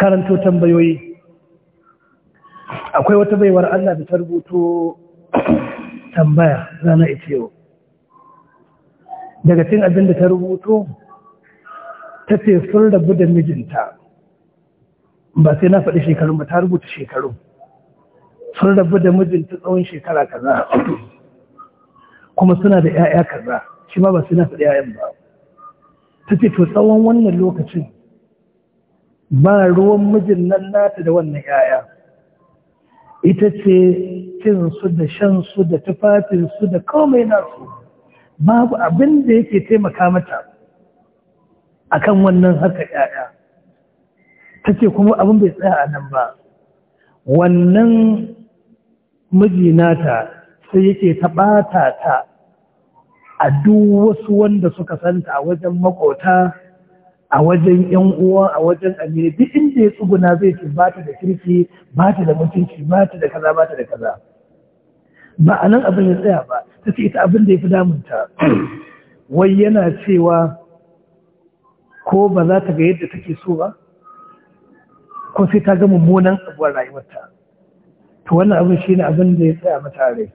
karanto tambayoyi akwai wata baiwar Allah da ta rubuto tambaya rana ita yau daga cin abin da ta rubuto ta ce sun rabu da mijinta ba sai na faɗi shekarun ba ta rubuta shekarun sun rabu da mijinta tsawon shekara kaza kuma suna da 'ya'ya kaza shi ma ba sai na faɗi 'ya'yan ba ta ce to tsawon wannan lokacin ba ruwan mijin nan nata da wannan yaya ita ce cinsu da shan su da tufafinsu da komai nasu babu abin da yake taimaka mata akan wannan haka yaya ta ce kuma abin bai tsaya a nan ba wannan miji nata sai yake ta ɓata ta a duk wasu wanda suka santa a wajen makota a wajen yan uwa a wajen amini duk inda ya tsuguna zai ce ba ta da kirki ba ta da mutunci ba ta da kaza ba ta da kaza ba a nan abin ya tsaya ba ta ce ita abin da ya fi damunta wai yana cewa ko ba za ta ga yadda take so ba ko sai ta ga mummunan abuwar rayuwarta to wannan abin shi ne abin da ya tsaya mata rai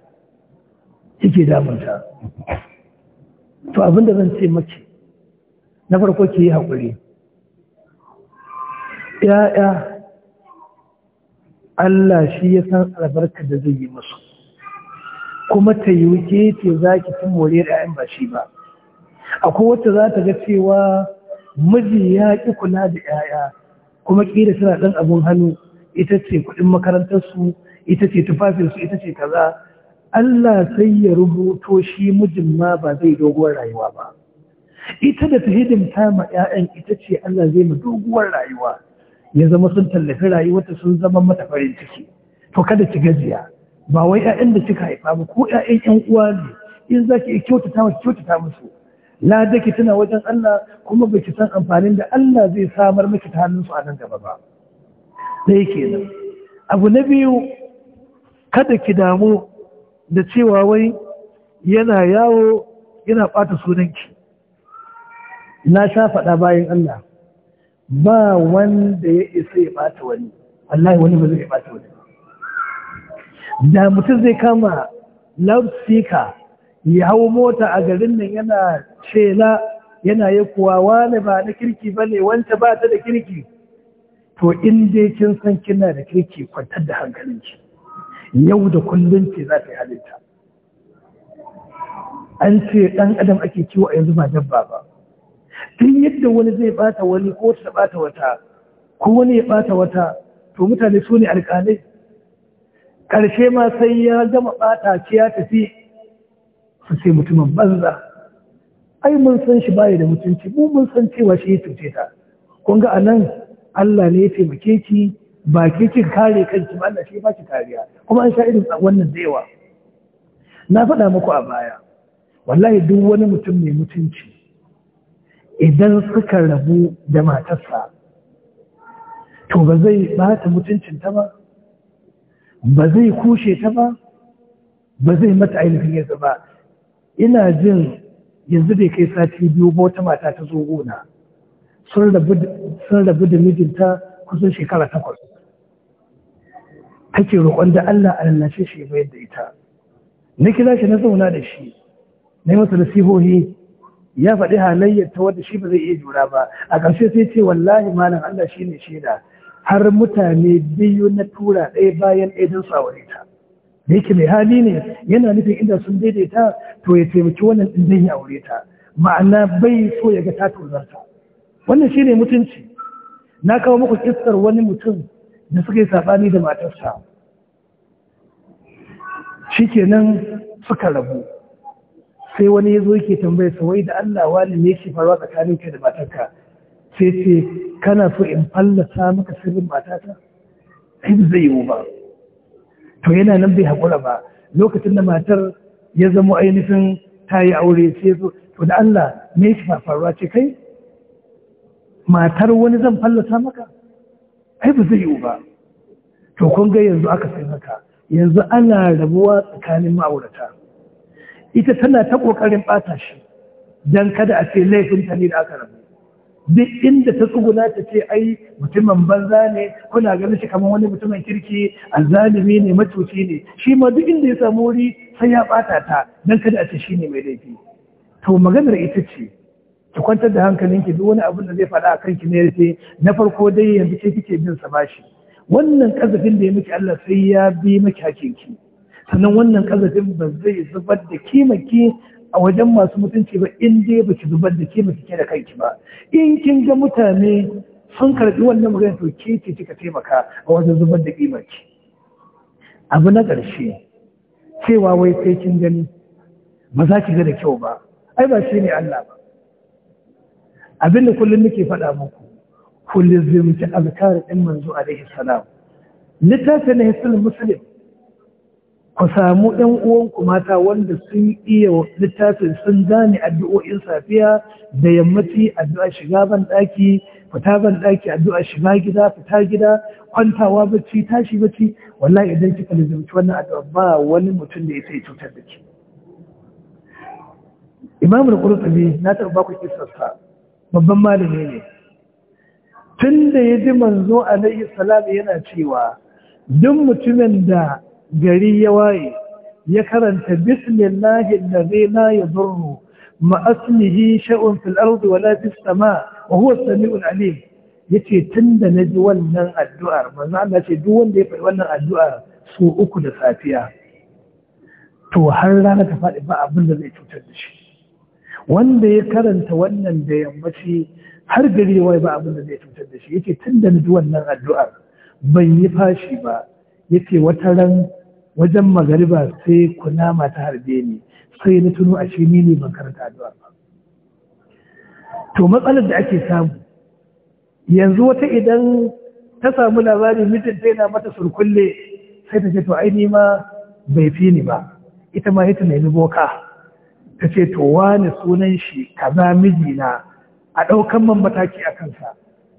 yake damunta to abin da zan ce maki na farko ki yi haƙuri ‘ya'ya Allah shi ya san albarka da zai yi musu kuma ta yi wuce ce za ki fi more ‘ya'yan ba shi ba akwai wata za ta ga cewa miji ya ƙi kula da ‘ya'ya kuma ƙira suna ɗan abin hannu ita ce kuɗin makarantarsu ita ce tufafinsu ita ce kaza Allah sai ya rubuto shi mijin ma ba zai doguwar rayuwa ba. ita da ta hidimta ma 'ya'yan ita ce Allah zai ma doguwar rayuwa ya zama sun tallafi rayuwarta sun zama mata farin ciki to kada ki gajiya ba wai 'ya'yan da kika haifa ba ko 'ya'yan 'yan uwa ne in za ki kyautata musu kyautata musu lada ki tana wajen Allah kuma baki san amfanin da Allah zai samar miki ta hannunsu a nan gaba ba ɗaya kenan abu na biyu kada ki damu da cewa wai yana yawo yana ɓata sunanki na sha faɗa bayan Allah ba wanda ya isa ya ɓata wani ya wani ba zai ya ɓata wani da mutum zai kama loudspeaker ya hau mota a garin nan yana cela yana yi kuwa wani ba na kirki ba ne wanta ba ta da kirki to in dai kin san kina da kirki kwantar da hankalinki yau da kullum ce za ta yi halitta an ce ɗan adam ake kiwo a yanzu ba dabba ba duk yadda wani zai bata wani ko ta bata wata ko wani ya bata wata to mutane su ne alƙalai ƙarshe ma sai ya gama bata ce ya tafi su ce mutumin banza ai mun san shi baya da mutunci mu mun san cewa shi ya cuce ta kun ga anan Allah ne ya taimake ki ba ke ki kare kanki ba Allah shi ba ki kariya kuma an sha irin wannan da yawa na faɗa muku a baya wallahi duk wani mutum mai mutunci idan suka rabu da matarsa to ba zai bata mutuncinta ba ba zai kushe ta ba ba zai mata ainihin yanzu ba ina jin yanzu da bai kai sati biyu ba wata mata ta zo gona sun rabu da mijinta kusan shekara takwas take roƙon da Allah a lalace shi bayar da ita na kira shi na zauna da shi na yi masa nasihohi ya faɗi halayyar ta wadda shi ba zai iya jura ba a ƙarshe sai ce wallahi malam Allah shi ne shaida har mutane biyu na tura ɗaya bayan ɗaya don aure ta da yake mai hali ne yana nufin inda sun daidaita to ya taimaki wannan ɗin zai ya aure ta ma'ana bai so ya ga ta tozarta wannan shi ne mutunci na kawo muku kistar wani mutum da suka yi saɓani da matarsa shi kenan suka rabu sai wani ya zo yake tambaya sa wai da Allah wani ne shi faruwa tsakanin kai da matarka sai ce kana so in fallasa maka sirrin matata sai zai yiwu ba to yana nan bai hakura ba lokacin da matar ya zama ainihin ta yi aure sai zo to da Allah me shi faruwa ce kai matar wani zan fallasa maka ai ba zai yiwu ba to kun ga yanzu aka sai haka yanzu ana rabuwa tsakanin ma'aurata ita tana ta ƙoƙarin ɓata shi don kada a ce laifin ta ne da aka rabu duk inda ta tsuguna ta ce ai mutumin banza ne kuna ganin shi kamar wani mutumin kirki Al-zalimi ne matuci ne shi ma duk inda ya samu wuri sai ya ɓata ta don kada a ce shi ne mai laifi to maganar ita ce ki kwantar da hankalinki duk wani abin da zai faɗa a kanki ne yace na farko dai yanzu ke kike bin sa bashi wannan kazafin da ya miki Allah sai ya bi maki hakinki sannan wannan kazafin ba zai zubar da kimaki a wajen masu mutunci ba in dai ba ki zubar da kimaki ke da kanki ba in kin ga mutane sun karbi wannan magana to ke ce kika taimaka a wajen zubar da kimaki abu na ƙarshe cewa wai sai kin gani ba za ki ga da kyau ba ai ba shi ne Allah ba abin da kullum nake faɗa muku kullum zai mutu azkar din manzo alaihi salam littafin na muslim ku samu ɗan uwanku mata wanda sun iya littafin sun gane addu'o'in safiya da yammaci addu'a shiga ban ɗaki fita ban ɗaki addu'a shiga gida fita gida kwantawa bacci tashi bacci wallahi idan kika lizumci wannan addu'a ba wani mutum da ya cutar da ke imamu da na taɓa baku kisarsa babban malami ne tun da ya ji manzo alaihi salam yana cewa duk mutumin da gari ya waye ya karanta bismillahi allazi la yadurru ma asmihi sha'un fil ardi wala fis sama wa huwa samiul alim yace tunda naji wannan addu'ar manzo Allah ce duk wanda ya faɗi wannan addu'ar su uku da safiya to har rana ta faɗi ba abin da zai cutar da shi wanda ya karanta wannan da yammaci har gari wai ba abin da zai cutar da shi yace tun da naji wannan addu'ar ban yi fashi ba yace wata ran wajen magariba sai kunama mata harbe ni sai na tuno a ne ban karanta addu'a ba to matsalar da ake samu yanzu wata idan ta samu labari mijin ta yana mata surkulle sai ta ce to ai nima bai fi ni ba ita ma ita nemi boka ta ce to wani sunan shi kaza mijina a ɗaukan man mataki a kansa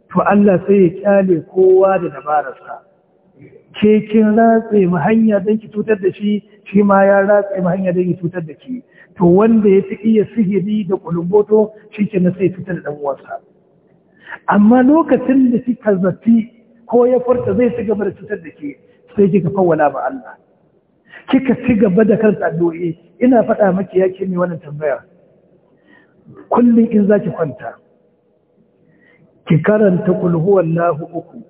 to Allah sai ya kyale kowa da dabararsa ke kin ratse mu hanya don ki cutar da shi shi ma ya ratse mu hanya don ki cutar da ki to wanda ya fi iya sihiri da kulumboto shi ke na sai cutar da uwansa amma lokacin da kika zafi ko ya furta zai ci gaba da cutar da ke sai kika wala ba Allah kika ci gaba da kan addu'o'i ina faɗa maki ya ke wannan tambaya kullum in zaki kwanta ki karanta kulhuwallahu uku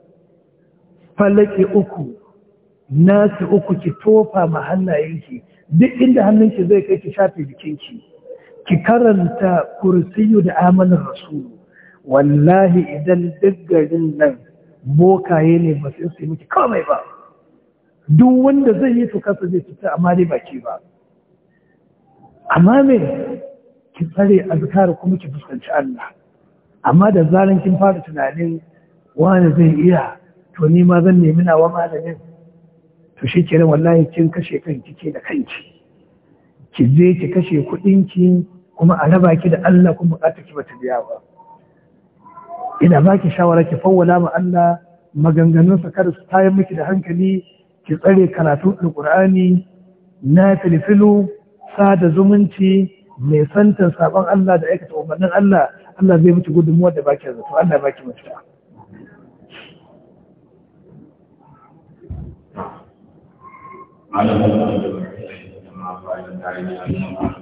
Falaƙe uku nasi uku ki tofa ma hannayenki duk inda hannunki zai kai ki shafe jikinki ki karanta kursiyu da amanar rasulu wallahi idan duk nan bokaye ne ba su yi miki kawai ba duk wanda zai yi su kasa zai fita amma dai baki ba amma me ki tsare azkar kuma ki fuskanci Allah amma da zaran kin fara tunanin wani zai iya to ni ma zan nemi nawa malamin to shi nan wallahi kin kashe kanki ke da kanki ki je ki kashe kuɗinki kuma a raba ki da Allah kuma bukatar ki bata biya ba ina ba ki shawara ki fawwala ma Allah maganganunsa kada su tayar miki da hankali ki tsare karatu alkur'ani na filfilu sada zumunci mai santan sabon Allah da aikata umarnin Allah Allah zai miki gudunmuwa da baki zato Allah baki mutuwa malam Allah da barkai da ma fara tare da Allah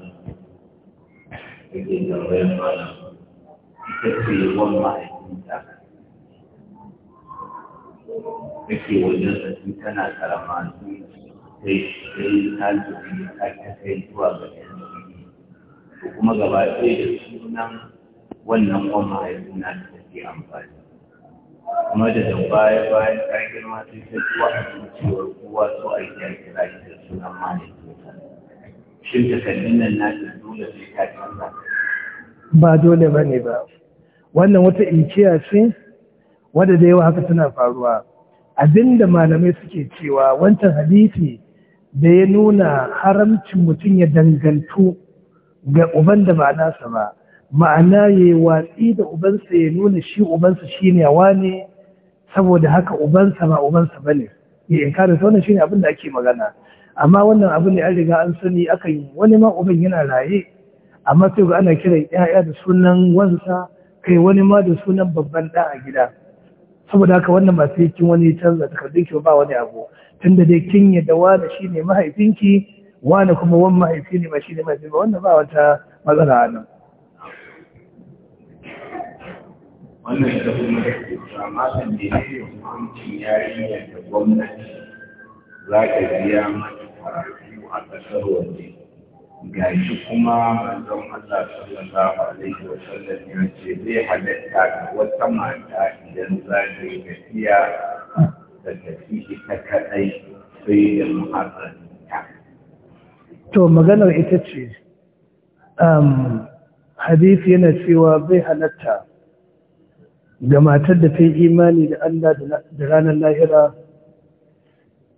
tana karama sai sai kuma gaba ɗaya da sunan wannan wannan mahaifina da take amfani madadin baya bayan ka girma sai ta kuwa a cewar kowa su a yi ta kira shi da sunan mahaifinsa shin takardun nan na ta dole sai ta canza ba dole ba ne ba wannan wata inkiya ce wadda da yawa haka tana faruwa abinda malamai suke cewa wancan hadisi da ya nuna haramcin mutum ya dangantu ga uban da ba nasa ba ma'ana ya yi watsi da ubansa ya nuna shi ubansa shi ne wa ne saboda haka ubansa ba ubansa ba ne ya kare sauran shi ne abin da ake magana amma wannan abin da an riga an sani aka yi wani ma uban yana raye amma sai ga ana kiran 'ya'ya da sunan wansa kai wani ma da sunan babban ɗa a gida saboda haka wannan ba sai kin wani canza takardun ki ba wani abu tunda dai kin yadda wani shine mahaifinki wani kuma wani mahaifi ne ba shine mahaifi ba wannan ba wata matsala a nan wannan da kuma kake amma san da yake hukuncin yarinyar da gwamnati za ta biya mata karatu a ƙasar waje ga shi kuma manzon Allah sallallahu alaihi wa sallam ya ce zai halatta ga wata mata idan za ta yi tafiya da tafi ita kaɗai sai da muharraminta. To maganar ita ce, um, Hadith yana cewa zai halatta ga matar da ta yi imani da Allah da ranar lahira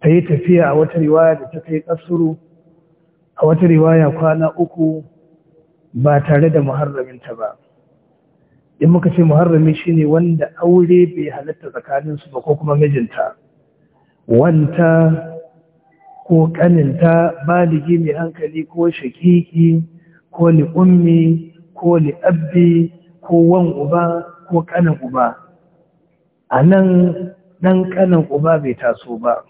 ta yi tafiya a wata riwaya da ta kai kasuru a wata riwaya kwana uku ba tare da muharraminta ba in muka ce muharrami ne wanda aure bai halatta tsakaninsu ba ko kuma mijinta wanta ko kaninta baligi mai hankali ko shakiki ko li'ummi, ko li'abbi, ko wan uba ko kanin uba a nan ɗan kanin uba bai taso ba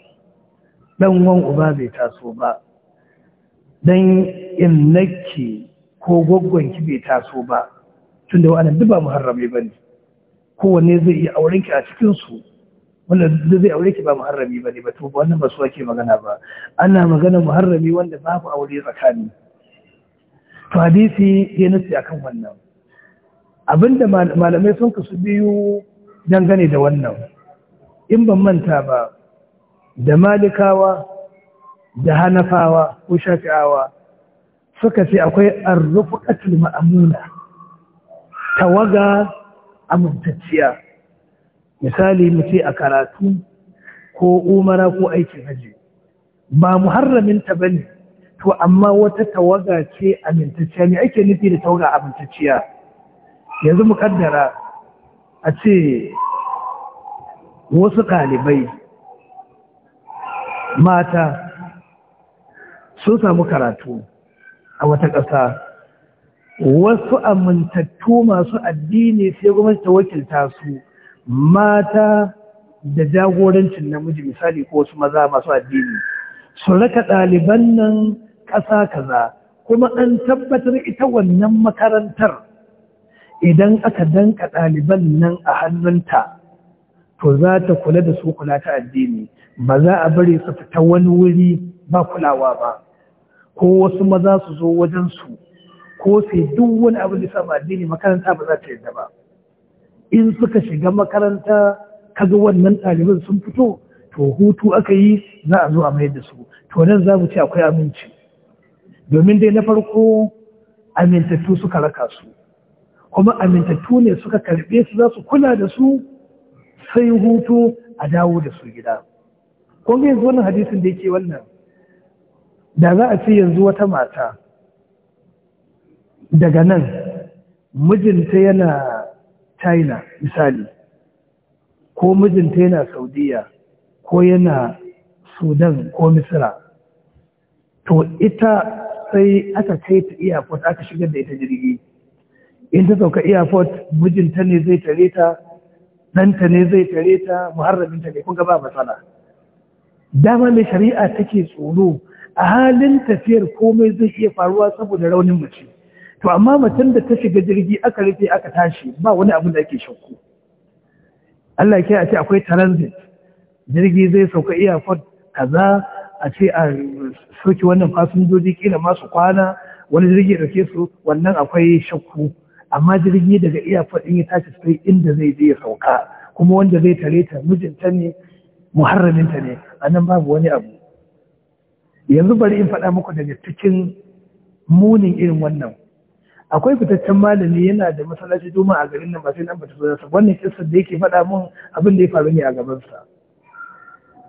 ɗan wan uba bai taso ba dan innaki ko gwaggwanki bai taso ba tun da wa'anan duba ba muharrami ba ne kowanne zai iya aurenki a cikinsu wanda zai aurenki ba muharrami ba ne ba to wannan ba su ake magana ba ana magana muharrami wanda babu aure tsakani to hadisi ya nufi akan wannan abinda malamai sun kasu biyu dangane da wannan in ban manta ba da malikawa da hanafawa ko shafi'awa suka ce akwai arrufuqatul ma'amuna tawaga amintacciya misali mu a karatu ko umara ko aikin haji ba muharramin ta bane to amma wata tawaga ce amintacciya ne ake nufi da tawaga amintacciya yanzu mu kaddara a ce wasu ɗalibai mata sun samu karatu a wata ƙasa wasu amintattu masu addini sai gwamnati ta wakilta su mata da jagorancin namiji misali ko wasu maza masu addini su raka ɗaliban nan ƙasa kaza kuma ɗan tabbatar ita wannan makarantar idan aka danka ɗaliban nan a hannunta to za ta kula da su kula ta addini ba za a bari su fita wani wuri ba kulawa ba ko wasu maza su zo wajensu ko sai duk wani abin da samu addini makaranta ba za ta yadda ba in suka shiga makaranta ka ga wannan ɗaliban sun fito to hutu aka yi za a zo a mayar da su to nan za mu ce akwai aminci domin dai na farko amintattu suka raka su kuma amintattu ne suka karbe su za su kula da su sai hutu a dawo da su gida kun yanzu wannan hadisin da yake wannan da za a ce yanzu wata mata daga nan mijinta yana china misali ko mijinta yana saudiya ko yana sudan ko misira to ita sai aka kai ta airport aka shigar da ita jirgi in ta sauka airport mijinta ne zai tare ta ɗanta ne zai tare ta muharraminta ne kuka ba matsala dama mai shari'a take tsoro a halin tafiyar komai zai iya faruwa saboda raunin mace to amma mutum da ta shiga jirgi aka rufe aka tashi ba wani abin da ake shakku Allah a ce akwai transit jirgi zai sauka airport kaza a ce a soke wannan fasinjoji kila masu kwana wani jirgi dauke su wannan akwai shakku amma jirgi daga iyafar ɗin ya tashi sai inda zai je ya sauka kuma wanda zai tare ta mijinta ne muharraminta ne a nan babu wani abu yanzu bari in faɗa muku daga cikin munin irin wannan akwai fitaccen malami yana da masallaci juma a garin nan ba sai nan ba ta sa wannan kissar da yake faɗa mun abin da ya faru ne a gabansa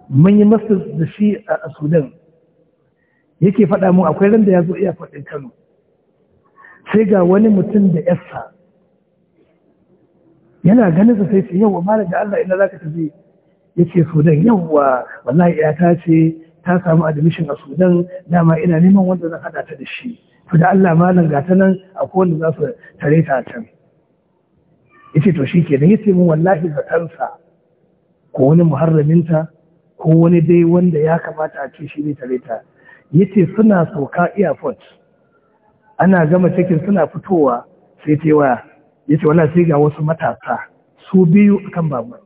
mun yi masa da shi a sudan yake faɗa mun akwai randa ya zo iya ɗin kano sai ga wani mutum da yassa yana ganin sa sai ce yawa malam da Allah ina zaka tafi ya ce sudan yawa wallahi ya ta ce ta samu admission a sudan dama ina neman wanda zan hada ta da shi to da Allah malam ga ta nan a wanda za su tare ta can yace to shi ke kenan yace mun wallahi zatansa ko wani muharraminta ko wani dai wanda ya kamata a ce shi ne tare ta yace suna sauka airport ana gama cikin suna fitowa sai ta waya ya ce wala sai ga wasu matasa su biyu kan babur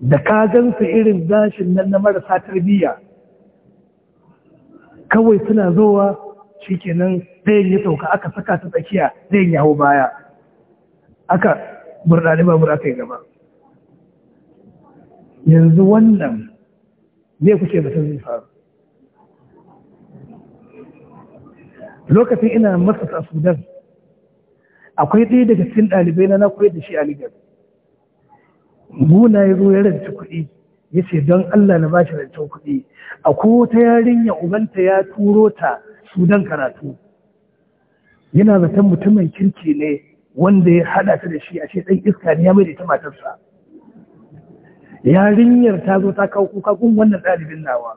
da ka gansu irin gashin nan na marasa tarbiyya kawai suna zowa kenan ɗayan ya sauka aka saka ta tsakiya ɗayan ya hau baya aka burɗani babur aka yi gaba yanzu wannan me kuke batun zai faru lokacin ina masa a sudan akwai ɗaya daga cikin ɗalibai na na koyar da shi a ligar guna ya zo ya rance kuɗi ya ce don allah na ba bashi rancen kuɗi a kowata yarinya ubanta ya turo ta sudan karatu yana zaton mutumin kirki ne wanda ya haɗa ta da shi a ɗan iska ne ya mai da ita matarsa yarinyar ta zo ta kawo kuka gun wannan ɗalibin nawa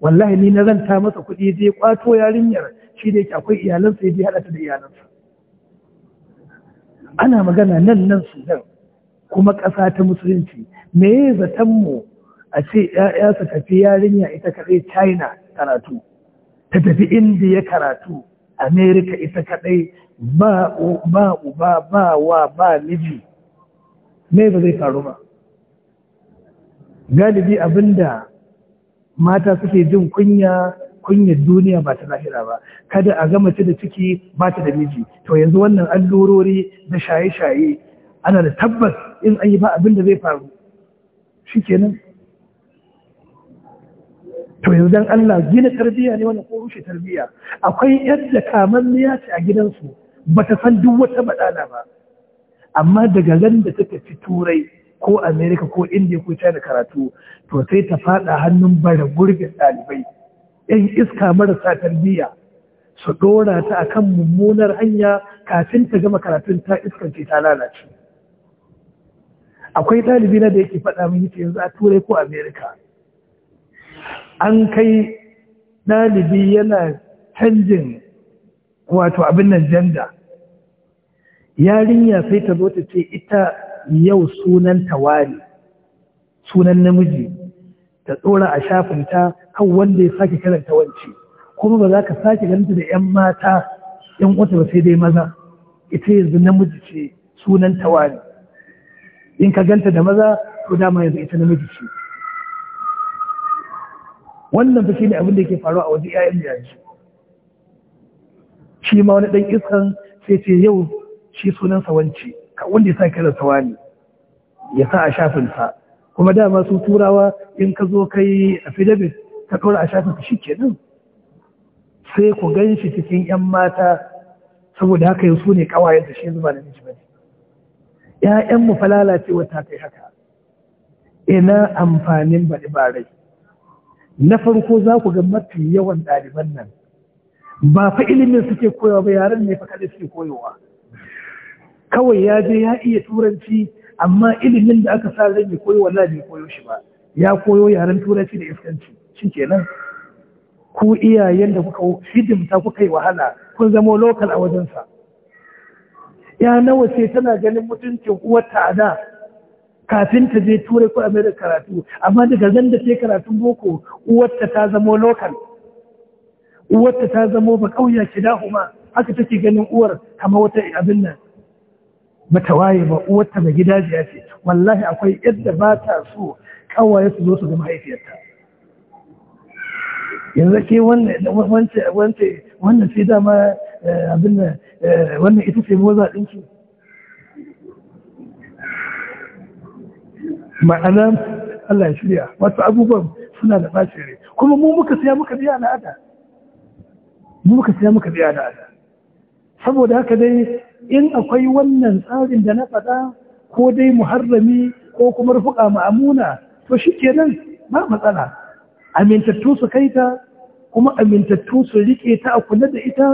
wallahi ni na ranta masa kuɗi je kwato yarinyar shi da yake akwai iyalansa ya je haɗa ta da iyalansa ana magana nan nan su nan kuma ƙasa ta musulunci me ya zaton mu a ce ‘ya'ya su tafi yarinya ita kaɗai china karatu ta tafi indiya karatu amerika ita kaɗai ba uba ba wa ba miji me ba zai faru ba galibi da mata suke jin kunya kunyar duniya ba ta lahira ba kada a ga mace da ciki ba ta da miji to yanzu wannan allurori da shaye-shaye ana da tabbas in an yi ba abin da zai faru shi kenan to yanzu dan Allah gina tarbiyya ne wani ko rushe tarbiyya akwai yadda kamanniya ce a gidansu ba ta san duk wata badala ba amma daga nan da suka ci turai ko amerika ko indiya ko china karatu to sai ta faɗa hannun bara gurbin ɗalibai 'yan iska marasa tarbiyya su dora ta kan mummunar hanya kafin ta gama karatun ta iskance ta lalace akwai ɗalibi na da yake faɗa min yake yanzu a turai ko amerika an kai ɗalibi yana canjin wato abin nan janda yarinya sai ta zo ta ce ita yau sunan tawari sunan namiji ta ɗora a shafin ta kan wanda ya sake karanta wance kuma ba za ka sake ganinta da 'yan mata 'yan wata ba sai dai maza ita yanzu namiji ce sunan tawari in ka ganta da maza to dama yanzu ita namiji ce wannan fa shine abin da yake faruwa a wajen 'ya'yan yanzu shi ma wani dan iskan sai ce yau shi sunan sawanci wanda ya sake karanta sawa ya sa a shafinsa kuma dama su turawa in ka zo kai filibin ka ɗora a shafin shi nan? sai ku gan shi cikin 'yan mata saboda haka yi su ne kawayen da shi zuba da miji bane ya'yan mu falala ce wata kai haka ina amfanin baɗi barai na farko za ku ga mafi yawan ɗaliban nan ba fa ilimin suke koyawa ba yaran ne fa kada suke koyowa kawai ya je ya iya turanci amma ilimin da aka sa zai bai koyo wallahi bai koyo shi ba ya koyo yaren turanci da iskanci shikenan ku iyayen da kuka hidimta kuka yi wahala kun zamo lokal a wajensa ya nawa ce tana ganin mutuncin uwarta a da kafin ta je turai ko da karatu amma daga zan da ce karatun boko uwarta ta zama lokal uwarta ta zamo ba kauya kidahuma haka take ganin uwar kamar wata abin nan mata waye ba uwarta ba da ce wallahi akwai yadda ba ta so kawaye su zo su ga mahaifiyarta yanzu ke wannan sai dama eh, abin eh, wannan ita ce moza ki. ma'ana Allah ya shirya wasu abubuwan suna da ɓacin rai kuma mu muka siya muka biya al'ada mu muka siya muka biya al'ada saboda haka dai in akwai wannan tsarin da na faɗa ko dai muharrami ko kuma rufuka ma'amuna to shi kenan ba matsala amintattu su kai ta kuma amintattu su rike ta a kula da ita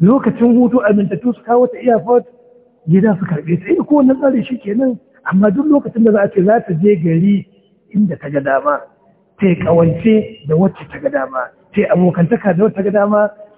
lokacin hutu amintattu su kawo ta airport gida su karɓe ta ita eh, kowane tsari shi kenan amma duk lokacin da za a ce za ta je gari inda ta ga dama ta kawance da wacce ta ga dama ta abokantaka da wacce ta ga dama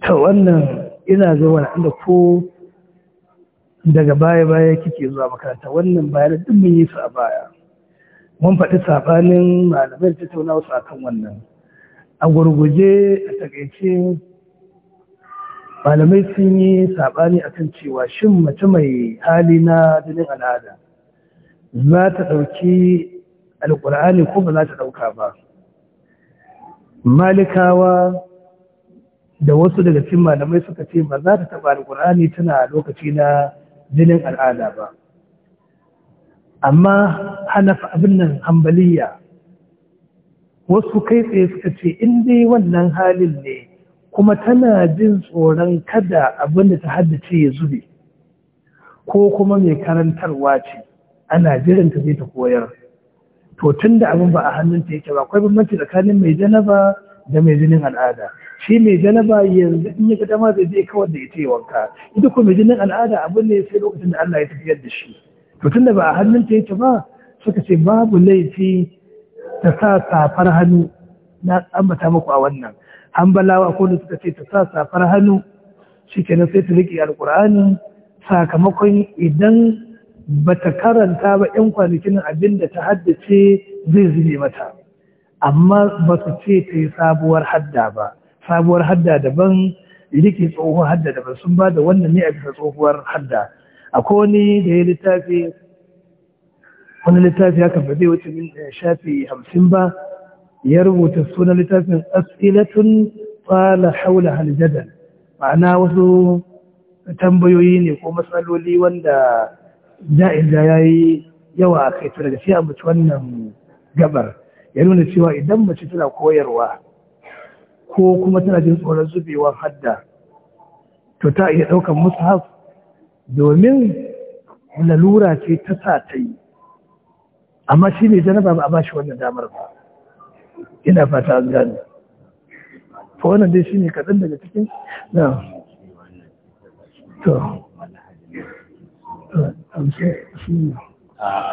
ta wannan ina zuwa inda ko daga baya-baya kike zuwa makaranta wannan bayan duk mun yi su a baya mun faɗi sabanin malamai da tauna wasu a kan wannan a gurguje a takaice malamai sun yi sabani kan cewa shin mace mai hali na jinin al'ada za ta ɗauki alƙur'ani ko ba za ta ɗauka ba malikawa da wasu daga cikin malamai suka ce ba za ta taɓa alƙur'ani tana lokaci na jinin al'ada ba amma hanafa abin nan hambaliya wasu kai tsaye suka ce in dai wannan halin ne kuma tana jin tsoron kada abin da ta haddace ya zube ko kuma mai karantarwa ce ana jiran ta zai ta koyar to tun da abin ba a hannunta yake ba akwai bambanci tsakanin mai janaba da mai jinin al'ada shi mai janaba yanzu in ya ga ma zai je kawar da ita yi wanka ita kuma jinin al'ada abin ne sai lokacin da Allah ya tafiyar da shi to da ba a hannun ta yake ba suka ce babu laifi ta sa safar hannu na ambata muku a wannan hambalawa ko da suka ce ta sa safar hannu shikenan sai ta riƙe alƙur'ani sakamakon idan ba ta karanta ba 'yan kwanakin abin da ta haddace zai zube mata amma ba su ce ta yi sabuwar hadda ba sabuwar hadda daban rike tsohuwar hadda daban sun ba da wannan ne a bisa tsohuwar hadda akwai wani da ya littafi wani littafi haka ba zai wuce eh, shafi hamsin ba ya rubuta sunan littafin asilatun fala haula haljadal ma'ana wasu tambayoyi ne ko matsaloli wanda ja'in da ya yi yawa a kai da shi a mutu wannan gabar ya nuna cewa idan mace tana koyarwa ko kuma tana jin tsoron zubewar hadda to ta iya ɗaukar mushaf domin lalura ce ta sa ta yi amma shi ne janaba ba a ba shi wannan damar ba ina fata an gane fa wannan dai shi ne kaɗan daga cikin na to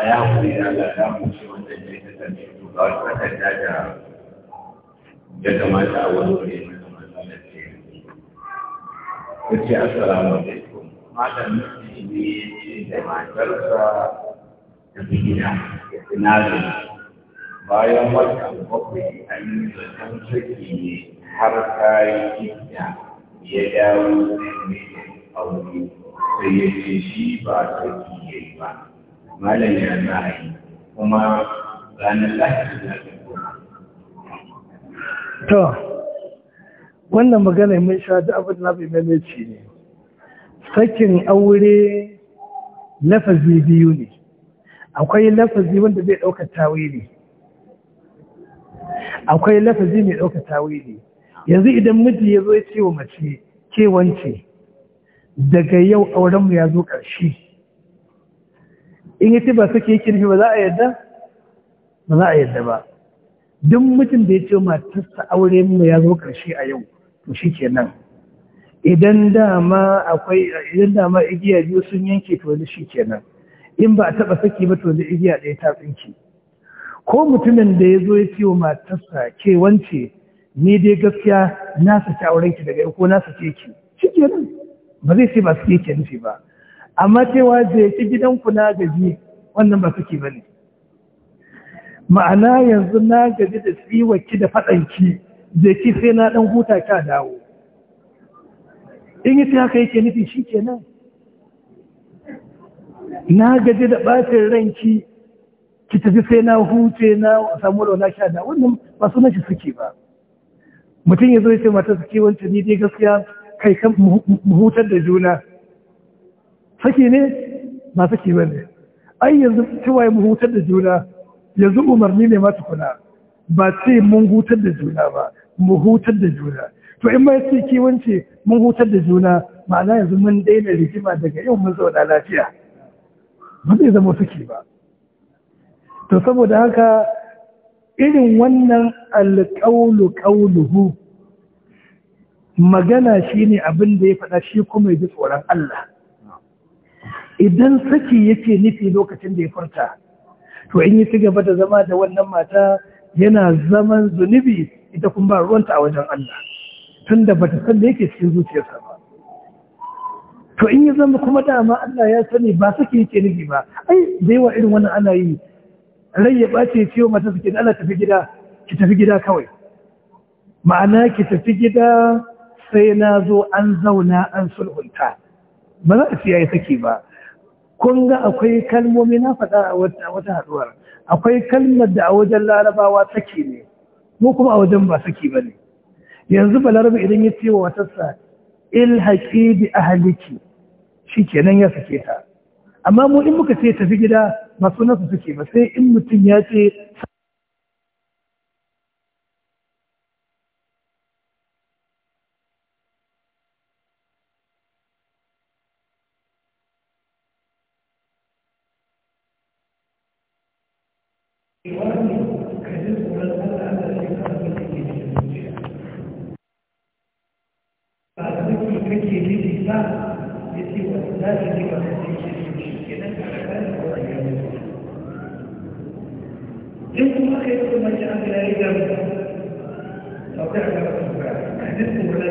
ya hukuri da ya hukuri wanda ne ta tafi ga ya tattata ya kamata a wani wuri na kamata da ke yanzu. ce assalamu alaikum, malam nufi ne ya ce da matarsa fi gida da sinadari. Bayan watan bakwai an yi zaton saki ne har ta yi gida ya dawo ne aure sai ya ce shi ba saki ya yi ba. Malam ya za a yi kuma ranar da. to wannan magana mun sha da abin na bai mamaci ne sakin aure lafazi biyu ne akwai lafazi wanda zai ɗaukar tawili akwai lafazi mai ɗaukar tawili yanzu idan miji ya zo ya ce wa mace kewance daga yau aurenmu ya zo ƙarshe in yi ba suke yake nufi ba za a yadda ba za a yadda ba duk mutum da ya ce matarsa aure mu ya zo karshe a yau to shi kenan idan dama akwai idan dama igiya biyu sun yanke to shi kenan in ba a taba saki ba to igiya ɗaya ta tsinki ko mutumin da ya zo ya ce wa matarsa ke wance ni dai gaskiya na saki aurenki daga ko na sake ki shi kenan ba zai ce ba su ke nufi ba amma cewa zai ki gidanku na gaji wannan ba saki ba ne ma'ana yanzu na gaji da tsiwaki da faɗanki zai ki sai na ɗan huta ka dawo in yi haka yake nufi shi nan? na gaji da ɓatin ranki ki tafi sai na huce na samu rauna sha da wannan ba sunan shi suke ba mutum ya zo ya ce mata suke wancan ni dai gaskiya kai kan hutar da juna saki ne ba saki ba ne ai yanzu cewa mu hutar da juna yanzu umarni ne ma kula ba ce mun hutar da juna ba mu hutar da juna to in ma ce ki wance mun hutar da juna ma'ana yanzu mun daina rigima daga yau mun zauna lafiya ba zai zama suke ba to saboda haka irin wannan alƙaulu ƙauluhu magana shi ne abin da ya faɗa shi kuma ya ji tsoron Allah idan saki yake nufi lokacin da ya furta to in yi ci gaba da zama da wannan mata yana zaman zunubi ita kuma ba ruwanta a wajen Allah tun da ta san da yake cikin zuciyarsa ba to in yi zama kuma dama Allah ya sani ba suke yake nufi ba ai da yawa irin wannan ana yi rai ya ɓace ciwo mata suke da Allah tafi gida ki tafi gida kawai ma'ana ki tafi gida sai na zo an zauna an sulhunta ba za a siya ya saki ba kun ga akwai kalmomi na faɗa a wata haɗuwar akwai kalmar da a wajen larabawa take ne mu kuma a wajen ba saki ba ne yanzu balarabe idan ya ce wa watarsa ilhaƙi bi ahaliki shi kenan ya sake ta amma mu in muka ce tafi gida masu nasu suke ba sai in mutum ya ce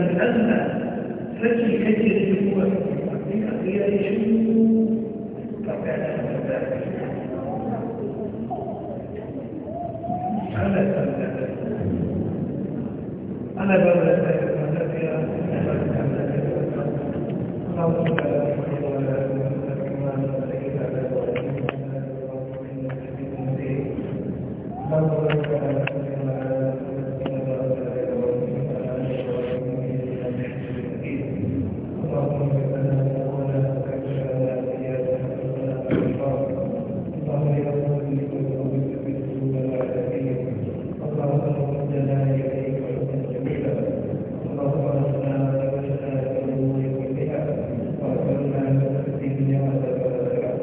مسألة فكي كثير هو من أخيار شنو فكان فكان أنا أنا بابا أنا بابا أنا بابا